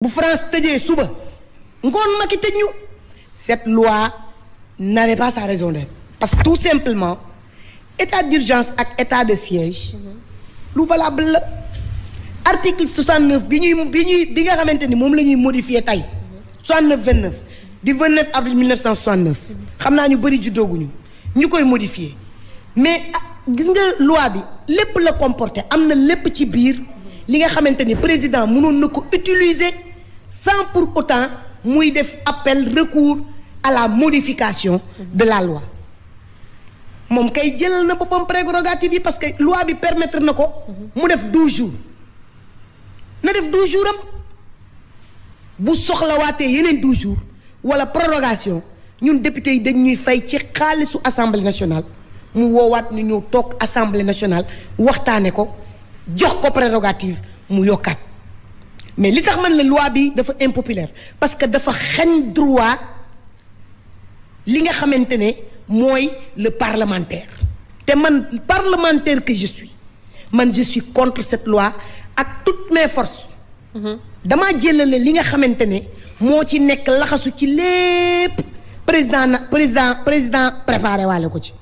bu France tëjee suba ngoon Macky tëj ñu cette loi n'avait pas sa raison d'être parce que tout simplement état d'urgence ak état de siège lu valable la article 69 bi ñuy bi ñuy bi nga xamante ni moom la ñuy modifier tey 69 29 du 29 avril 1969 xam naa ñu bëri juddooguñu ñu koy modifie mais ah, gis nga loi bi lépp la comporter am na lépp ci biir li nga xamante président mënoon na ko utiliser sans pour autant muy def appel recours à la modification de la loi moom kay jëlal na boppam prérogative yi parce que loi bi permettre na ko mu def douze jours na def douze jours am bu soxlawaatee yeneen dou jours wala prorogation ñun député yi dañ ñuy fay ci xaalisu assemblée nationale mu ni ñu toog assemblée nationale waxtaane ko jox ko prérogative mu yokkat mais li tax man la loi bi dafa impopulaire parce que dafa xañ droit li nga xamante ne mooy le parlementaire te man parlementaire que je suis man je suis contre cette loi ak toutes mes forces mhm. dama jëlale li nga xamante ne moo ci nekk laxasu ci lépp président na président président préparé waale ko ci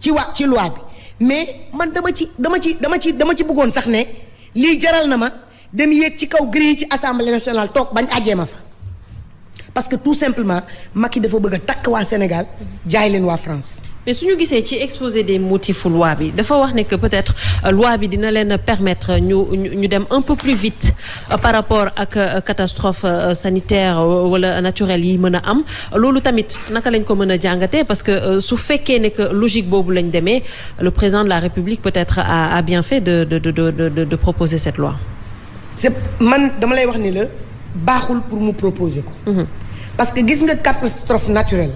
ci wa ci loi bi mais man dama ci dama ci dama ci dama ci bëggoon sax ne lii jaral na ma dem yéeg ci kaw grille ci assemblée nationale toog bañ àjjee ma fa parce que tout simplement yi dafa bëgg a takk waa Sénégal jaay leen waa France. mais su ñu gisee ci exposé des motifs loi bi dafa wax ne que peut-être euh, loi bi dina leen permettre ñu ñu dem un peu plus vite euh, par rapport ak euh, catastrophe sanitaire wala naturelle yi mën a am loolu tamit naka lañ ko mën a jàngatee parce que su fekkee ne que logique boobu lañ demee le président de la République peut-être a a de de de de de proposer c'est man dama lay wax ni la baaxul pour mu proposer ko. Mhm. parce que gis nga catastrophe naturelle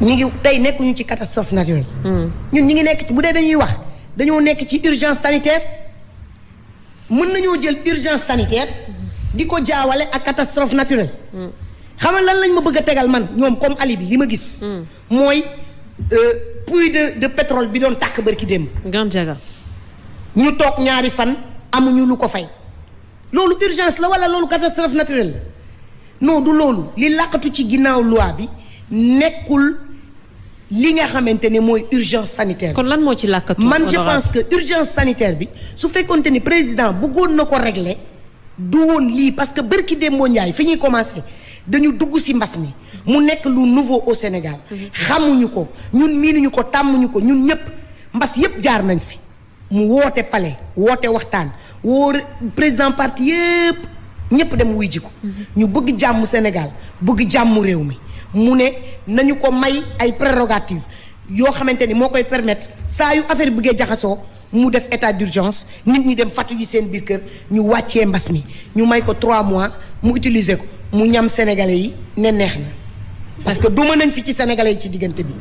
ñu ngi tey nekkuñu ci catastrophe naturelle. Mhm. ñun ñu ngi nekk ci bu dee dañuy wax dañoo nekk ci urgence sanitaire mën nañoo jël urgence sanitaire di ko jaawale ak catastrophe naturelle. Mhm. xam nga lan lañ ma bëgg a tegal man ñoom comme ali bi li ma gis. mooy euh, puits de pétrole bi doon tàkk bërki démb. Gandiaga. ñu toog ñaari fan. amuñu lu ko fay loolu urgence la wala loolu catastrophe naturel la non du loolu li làqatu ci ginnaaw loi bi nekkul li nga xamante ne mooy urgence sanitaire. kon lan moo ci làqatu man je pense que urgence sanitaire bi su fekkonte ni président bëggoon na ko régler du woon lii parce que bërki démboo Ndiaye fi ñuy commencé dañu dugg ci mbas mi mu nekk lu nouveau au Sénégal. Mhm. xamuñu ko ñun miinuñu ko tàmmuñu ko ñun ñëpp mbas yëpp jaar nañ fi. mu woote pale woote waxtaan wóor président parti yëpp ñëpp dem wuy ji ko. Mhm. ñu bëgg jàmm Sénégal bëgg jàmm réew mi mu ne nañu ko may ay prérogatives yoo xamante ni moo koy permettre saa yu affaire bëggee jaxasoo mu def état d'urgence nit ñi dem fàttu ji seen biir kër ñu wàccee mbas mi ñu may ko trois mois mu utiliser ko mu ñam sénégalais yi ne neex na parce que duma nañ fi ci sénégalais yi ci diggante bi.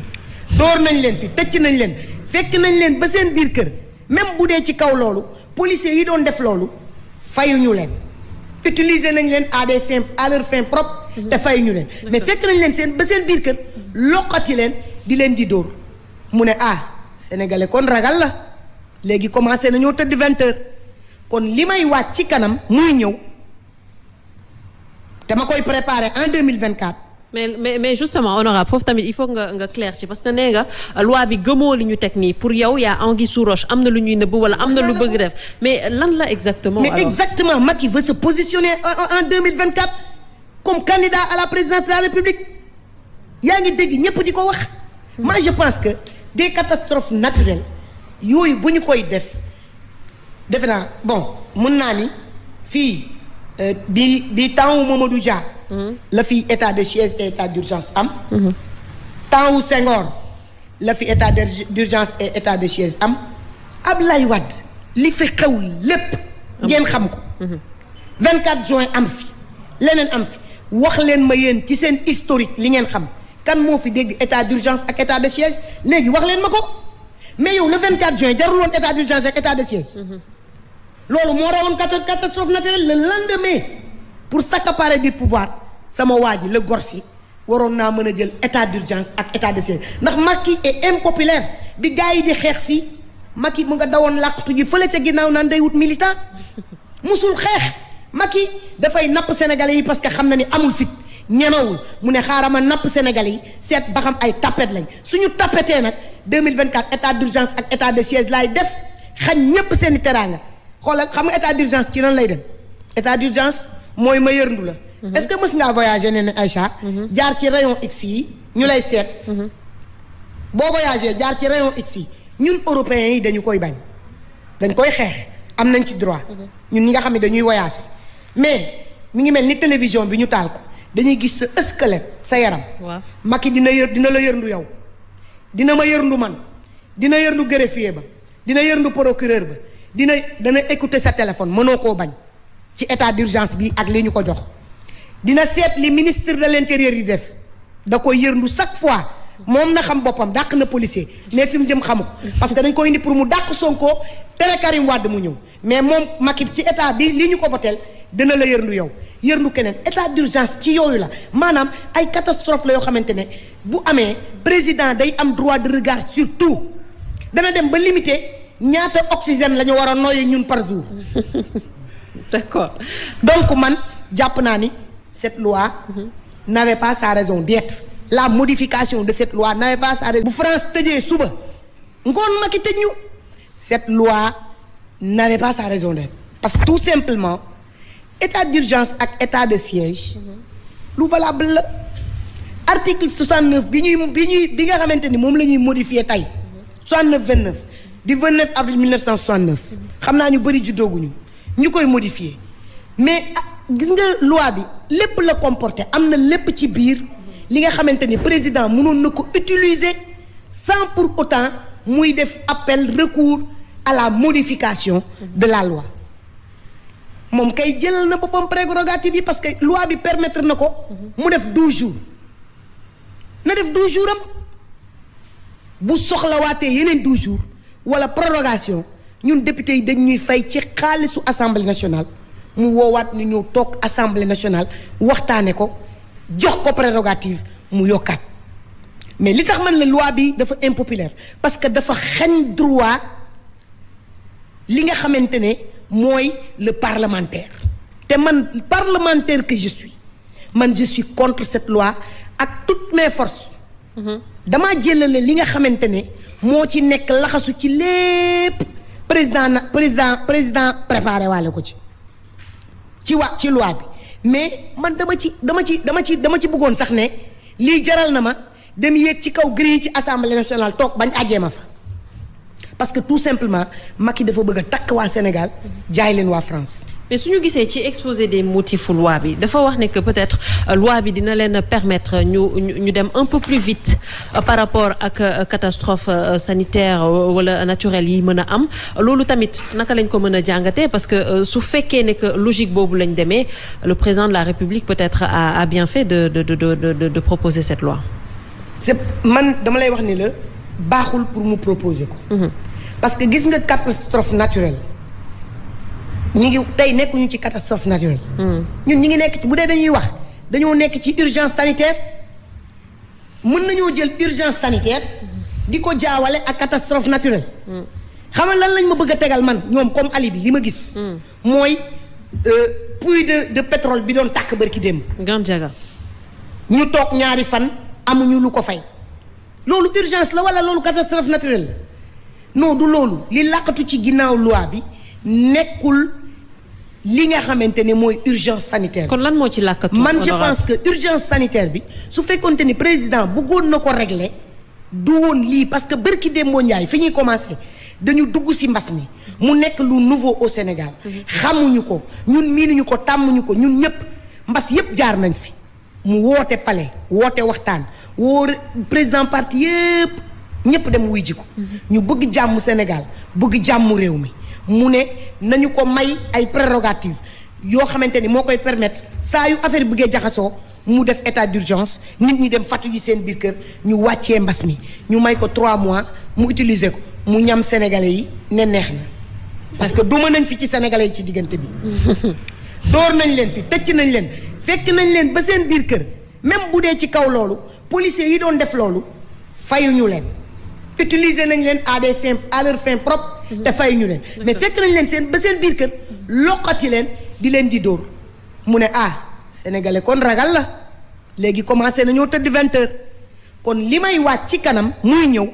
dóor nañu leen fi tëcc nañ leen fekk nañ leen ba seen biir kër même bu dee ci kaw loolu policiers yi doon def loolu fayuñu leen utiliser nañ leen à des fins à leur fin propre te ñu leen mais fekk nañ leen seen ba seen biir kër loqati leen di leen di dóor mu ne ah sénégalais kon ragal la léegi commencé nañoo tëdd vingt heures kon li may waat ci kanam muy ñëw te ma koy préparer en deux mille vingt quatre mais mais mais justement honorable foofu tamit il faut nga nga clair ci parce que nee nga loi bi gëmoo li ñu teg nii pour yow yaa anguille sous am na lu ñuy nëbb wala am na lu bëgg def mais lan la exactement. mais exactement Macky veut se positionner en en deux mille vingt quatre comme candidat à la présidence de la République yaa ngi dégg ñëpp di ko wax. moi je pense que des catastrophes naturelles yooyu bu ñu koy def defe naa bon mun naa ni fii euh, bi bi temps Mamadou Dia. la fi état de siège et état d'urgence am temps wu Senghor la fi état d'urgence et état de siège am ab lay Wade li fi xew lépp ngeen xam ko 24 juin am fi leneen am fi wax leen ma yéen ci seen historique li ngeen xam kan moo fi dégg état d'urgence ak état de siège léegi wax leen ma ko mais yow le 24 juin jarul woon état d'urgence ak état de siège mhm. loolu moo rawoon catastrophe naturelle le lendemain pour s'accaparer du pouvoir sama waa ji la gor si waroon naa mën a jël état d'urgence ak état de siège ndax Macky est impopulaire bi gars yi di xeex fii Macky mu nga dawoon làqatu ji fële ca ginnaaw naan day wut militant musul xeex Macky dafay napp sénégalais yi parce que xam na ni amul fit ñemewul mu ne xaaral ma napp sénégalais yi seet ba xam ay tapet lañ suñu tapetee nag deux mille 2024 état d'urgence ak état de siège laay def xañ ñépp seen i teraanga xoolal xam nga état d'urgence ci lan lay dem mooy ma yërndu la. Mhm. est-ce que mës ngaa voyager ne ne Aïcha. Mhm. jaar ci rayon X yi ñu lay seet. Mhm. boo voyager jaar ci rayon X yi ñun européens yi dañu koy bañ dañ koy xeex am nañ ci droit. ñun ñi nga xam ne dañuy voyager mais mu ngi mel ni télévision bi ñu taal ko dañuy gis sa squelette sa yaram. waaw yi dina yër dina la yërndu yow dina ma yërndu man dina yërndu greffier ba dina yërndu procureur ba dina dana écouter sa téléphone mënoo koo bañ. ci état d'urgence bi ak li ñu ko jox dina seet li ministre de l'intérieur yi def da koy yërndu chaque fois moom na xam boppam dàq na policier mais fi mu jëm xamu ko parce que dañ ko indi pour mu dàq Sonko tere Karim Wade mu ñëw mais moom Macky ci état bi li ñu ko voteel dina la yërndu yow yërndu keneen état d'urgence ci yooyu la maanaam ay catastrophe la yoo xamante ne bu amee président day am droit de regard surtout dana dem ba limité ñaata oxygène la ñu war a ñun par jour d'accord donc man jàpp naa ni cette loi n'avait pas sa raison d'être la modification de cette loi n'avait pas sa raison bu France tëjee suba ngoon Macky tëj ñu cette loi n'avait pas sa raison d'être parce que tout simplement état d'urgence ak état de siège lu valable la article 69 bi ñuy bi ñuy bi nga xamante ni moom la ñuy modifier tey 69 29 du 29 avril 1969 xam naa ñu bëri juddooguñu ñu koy modifier mais ah, gis nga loi bi lépp la comporté am na lépp ci biir li nga xamante ni président mënoon na ko utiliser sans pour autant muy def appel recours à la modification de la loi moom kay jëlal na boppam prérogative yi parce que loi bi permettre na ko mu def douze jours na def douze jours am bu soxlawaatee yeneen douze jours wala prorogation ñun député yi dañ ñuy fay ci xaalisu assemblée nationale mu woowaat ñu toog assemblée nationale waxtaane ko jox ko prérogative mu yokkaat mais li tax man la loi bi dafa impopulaire parce que dafa xañ droit li nga xamante ne mooy le parlementaire te man parlementaire que je suis man je suis contre cette loi ak toutes mes forces mm-hmm. dama jëlale li nga xamante ne moo ci nekk laxasu ci lépp président na président président préparé waale ko ci ci wa ci loi bi mais man dama ci dama ci dama ci dama ci bëggoon sax ne lii jaral na ma dem yéeg ci kaw grille ci assemblée nationale toog bañ àjjee ma fa parce que tout simplement Macky dafa bëgg a takk waa Sénégal jaay leen waa France mais su ñu gisee ci exposé des motifs loi bi dafa wax ne que peut-être euh, loi bi dina leen permettre ñu ñu dem un peu plus vite euh, par rapport ak euh, catastrophe sanitaire wala naturelle yi mën a am loolu tamit naka lañ ko mën a jàngatee parce que su fekkee ne que logique boobu lañ demee le président de la République peut-être a a bien fait de de de de de de proposer cette loi. c'est man dama lay wax ni la baaxul pour mu proposer ko. Mhm. parce que gis nga catastrophe naturelle. ñu ngi tey nekkuñu ci catastrophe naturelle. Hmm. ñun ñu ngi nekk ci bu dee dañuy wax dañoo nekk ci urgence sanitaire mën nañoo jël urgence sanitaire di ko jaawale ak catastrophe naturelle. Hmm. xam lan lañ ma bëgg a tegal man ñoom comme ali bi li ma gis. Hmm. mooy euh, puits de de pétrole bi doon tàkk bërki démb. Gandiaga. ñu toog ñaari fan amuñu lu ko fay. loolu urgence la wala loolu catastrophe naturel la non du loolu li làqatu ci ginnaaw loi bi. nekkul li nga xamante ne mooy urgence sanitaire. kon lan moo ci làkkatu man je pense que urgence sanitaire bi su fekkonte ni président bëggoon na ko régler du woon lii parce que bërki démboo Ndiaye fi ñuy commencé dañu dugg ci mbas mi mu nekk lu nouveau au Sénégal. xamuñu ko ñun miinuñu ko tàmmuñu ko ñun ñëpp mbas yëpp jaar nañ fi. mu woote pale woote waxtaan woo président parti yëpp ñëpp dem wuy ji ko. Mhm. ñu bëgg jàmm Sénégal bëgg jàmm réew mi. mu ne nañu ko may ay prérogatives yoo xamante ni moo koy permettre saa yu affaire bëggee jaxasoo mu def état d'urgence nit ñi dem fàttu yi seen biir kër ñu wàccee mbas mi ñu may ko trois mois mu utiliser ko mu ñam sénégalais yi ne neex na parce que duma nañ fi ci sénégalais yi ci diggante bi door nañ leen fi tëcc nañ leen fekk nañ leen ba seen biir kër même bu dee ci kaw loolu policiers yi doon def loolu fayuñu leen utiliser nañ leen à des fins à leur fin propre te fay ñu leen mais fekk nañ leen seen ba seen biir kër loqati leen di leen di dóor mu ne ah sénégalais kon ragal la léegi commencé nañoo tëdd vingt heures kon li may waat ci kanam muy ñëw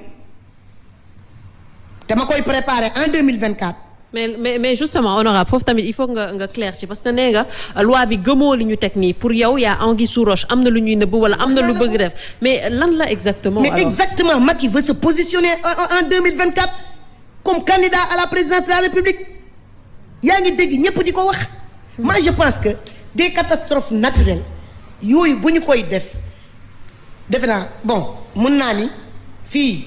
dama koy préparer en 2024 mais mais mais justement honorable foofu tamit il faut nga nga clair ci parce que nee nga loi bi gëmoo li ñu teg nii pour yow yaa anguille sous roche am na lu ñuy nëbb wala am na lu bëgg def mais lan la exactement. mais alors? exactement Macky veut se positionner en en 2024 comme candidat à la présidence de la République yaa ngi dégg ñëpp di ko wax. moi je pense que des catastrophes naturelles yooyu bu ñu koy def defe naa bon mun naa ni fii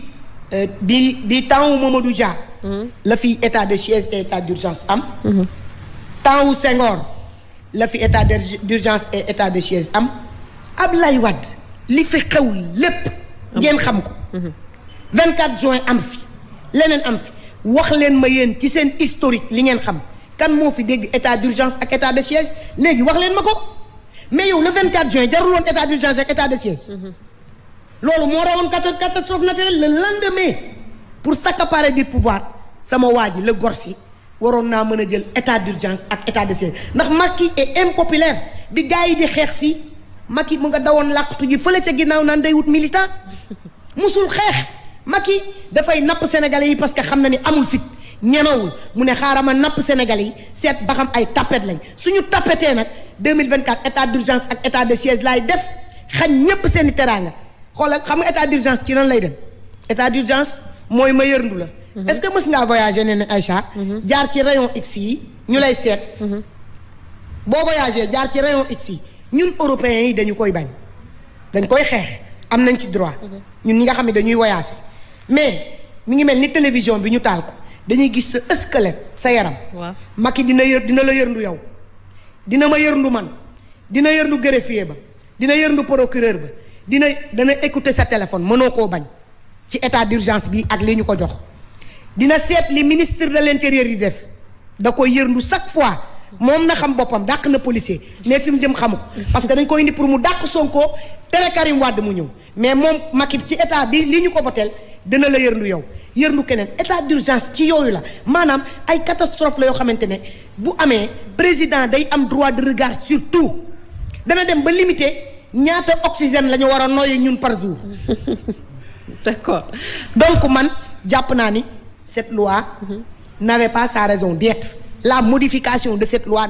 euh, bi bi temps wu Mamadou Dia. Mm-hmm. la fi état de siège et état d'urgence am. Mm-hmm. temps wu Senghor la fi état d'urgence et état de siège am Ablaye Wade li fi xew lépp. ngeen xam ko. Mm-hmm. juin am fi leneen am fi. wax leen ma yéen ci seen historique li ngeen xam kan moo fi dégg état d'urgence ak état de siège léegi wax leen ma ko mais yow le 24 juin jarul woon état d'urgence ak état de siège. Mm-hmm. loolu moo rawoon catastrophe naturelle le lendemain pour s'accaparer du pouvoir sama waa ji la gorsi waroon naa mën a jël état d'urgence ak état de siège ndax Macky est impopulaire bi gars yi di xeex fii Macky mu nga dawoon làqatu ji fële ca ginnaaw naan day wut militant musul xeex. Macky dafay napp sénégalais yi parce que xam na ni amul fit ñemewul mu ne xaaral ma napp sénégal yi seet ba xam ay tapet lañ suñu tapetee nag 2024 état d'urgence ak état de siège laay def xañ ñépp seeni teraanga xool xoolal xam nga état d'urgence ci lan lay dem état d'urgence mooy ma yërndu la mhm. est-ce que mës ngaa voyager ne ne Aïcha mhm. jaar ci rayon X yi ñu lay seet mhm. boo voyager jaar ci rayon X yi ñun européens yi dañu koy bañ dañ koy xeex am nañ ci droit ñun ñi nga xam ne dañuy voyager mais mu ngi mel ni télévision bi ñu taal ko dañuy gis sa squelette sa yaram. waaw yi dina yër dina la yërndu yow. dina ma yërndu man dina yërndu greffier ba dina yërndu procureur ba dina dana écouter sa téléphone mënoo koo bañ ci état d'urgence bi ak li ñu ko jox. dina seet li ministre de l'intérieur yi def da koy yërndu chaque fois moom na xam boppam dàq na policier mais fi mu jëm xamu ko parce que dañ ko indi pour mu dàq Sonko tere Karim Wade mu ñëw mais moom Macky ci état bi li ñu ko dina la lu yow lu keneen état d'urgence ci yooyu la maanaam ay catastrophe la yoo xamante ne bu amee président day am droit de regard sur dana dem ba limité ñaata oxygène la ñu war a noyyi ñun par jour. d'accord donc man jàpp naa ni cette loi mhm. n'avait pas sa raison d'être la modification de cette loi